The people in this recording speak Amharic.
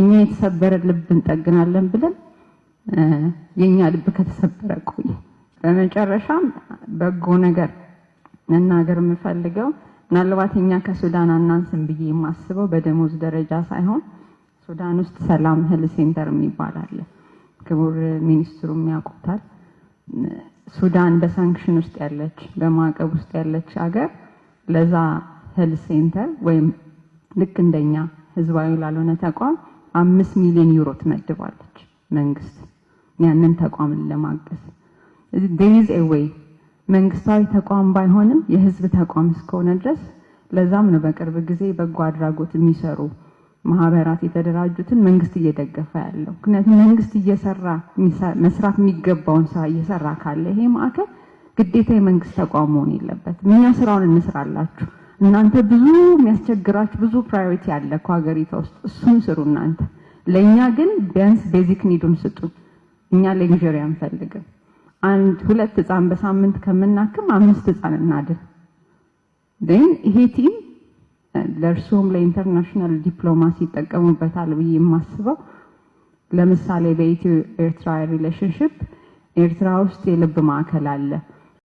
እኛ የተሰበረ ልብ እንጠግናለን ብለን የኛ ልብ ከተሰበረ ቆይ። በመጨረሻም በጎ ነገር መናገር የምፈልገው ምናልባት እኛ ከሱዳን አናንስም ብዬ የማስበው በደሞዝ ደረጃ ሳይሆን ሱዳን ውስጥ ሰላም ህል ሴንተር የሚባል አለ። ክቡር ሚኒስትሩም ያውቁታል። ሱዳን በሳንክሽን ውስጥ ያለች በማዕቀብ ውስጥ ያለች ሀገር ለዛ ህል ሴንተር ወይም ልክ እንደኛ ህዝባዊ ላልሆነ ተቋም አምስት ሚሊዮን ዩሮ ትመድባለች መንግስት ያንን ተቋምን ለማገዝ ዴዝ ኤዌይ መንግስታዊ ተቋም ባይሆንም የህዝብ ተቋም እስከሆነ ድረስ ለዛም ነው በቅርብ ጊዜ በጎ አድራጎት የሚሰሩ ማህበራት የተደራጁትን መንግስት እየደገፈ ያለው። ምክንያቱም መንግስት እየሰራ መስራት የሚገባውን ስራ እየሰራ ካለ ይሄ ማዕከል ግዴታ የመንግስት ተቋም መሆን የለበትም። እኛ ስራውን እንስራላችሁ እናንተ ብዙ የሚያስቸግራችሁ ብዙ ፕራዮሪቲ አለ እኮ ሀገሪቷ ውስጥ እሱን ስሩ እናንተ። ለእኛ ግን ቢያንስ ቤዚክ ኒዱን ስጡን። እኛ ሌግዥሪ አንፈልግም። አንድ ሁለት ህፃን በሳምንት ከምናክም አምስት ህፃን እናድን። ግን ይሄ ቲም ለእርስዎም ለኢንተርናሽናል ዲፕሎማሲ ይጠቀሙበታል ብዬ የማስበው ለምሳሌ በኢትዮ ኤርትራ ሪሌሽንሽፕ ኤርትራ ውስጥ የልብ ማዕከል አለ።